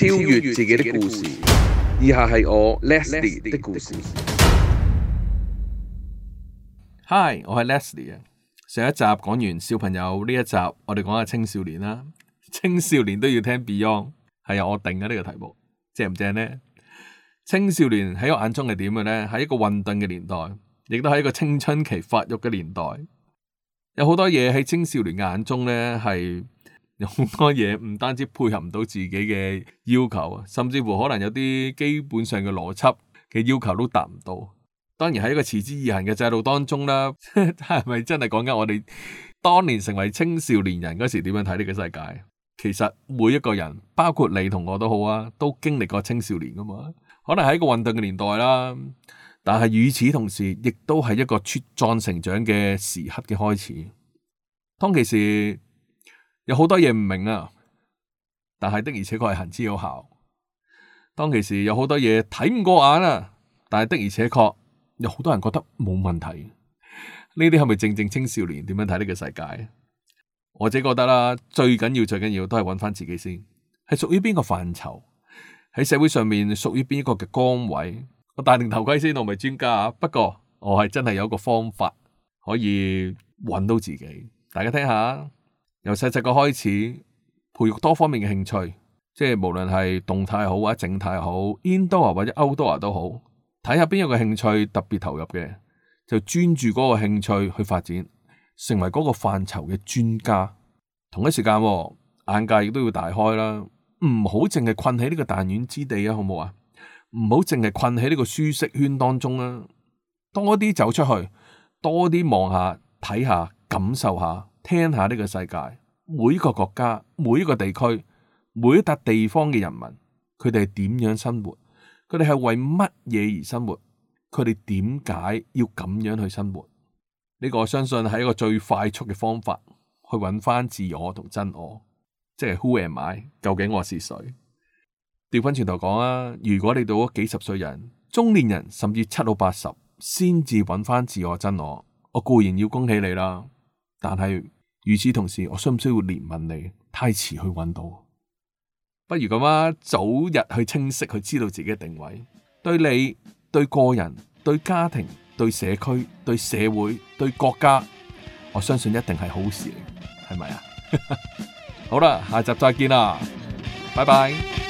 超越自己的故事，以下係我 Leslie 的故事。Hi，我係 Leslie。上一集講完小朋友，呢一集我哋講下青少年啦。青少年都要聽 Beyond，係由我定嘅呢個題目，正唔正呢？青少年喺我眼中係點嘅呢？喺一個混沌嘅年代，亦都喺一個青春期發育嘅年代，有好多嘢喺青少年的眼中呢係。有好多嘢唔單止配合唔到自己嘅要求，甚至乎可能有啲基本上嘅邏輯嘅要求都達唔到。當然喺一個持之以恒嘅制度當中啦，係 咪真係講緊我哋當年成為青少年人嗰時點樣睇呢個世界？其實每一個人，包括你同我都好啊，都經歷過青少年噶嘛。可能係一個混沌嘅年代啦，但係與此同時，亦都係一個茁壯成長嘅時刻嘅開始。當其時。有好多嘢唔明啊，但係的而且確係行之有效。當其時有好多嘢睇唔過眼啊，但係的而且確有好多人覺得冇問題。呢啲係咪正正青少年點樣睇呢個世界？我自己覺得啦，最緊要最緊要都係揾翻自己先，係屬於邊個範疇，喺社會上面屬於邊一個嘅崗位。我戴定頭盔先，我唔係專家啊。不過我係真係有個方法可以揾到自己，大家聽下。由細細個開始，培育多方面嘅興趣，即係無論係動態好，態好或者靜態好，indoor 或者 outdoor 都好，睇下邊有個興趣特別投入嘅，就專注嗰個興趣去發展，成為嗰個範疇嘅專家。同一時間喎，眼界亦都要大開啦，唔好淨係困喺呢個彈丸之地啊，好唔好啊？唔好淨係困喺呢個舒適圈當中啦，啊，多啲走出去，多啲望下睇下感受下。聽下呢個世界，每一個國家、每一個地區、每一笪地方嘅人民，佢哋點樣生活？佢哋係為乜嘢而生活？佢哋點解要咁樣去生活？呢個我相信係一個最快速嘅方法，去揾翻自我同真我，即係 Who am I？究竟我是誰？調翻轉頭講啊，如果你到咗幾十歲人、中年人，甚至七到八十，先至揾翻自我真我，我固然要恭喜你啦，但係。與此同時，我需唔需要憐憫你？太遲去揾到，不如咁啦，早日去清晰去知道自己嘅定位，對你、對個人、對家庭、對社區、對社會、對國家，我相信一定係好事嚟，係咪啊？ 好啦，下集再見啦，拜拜。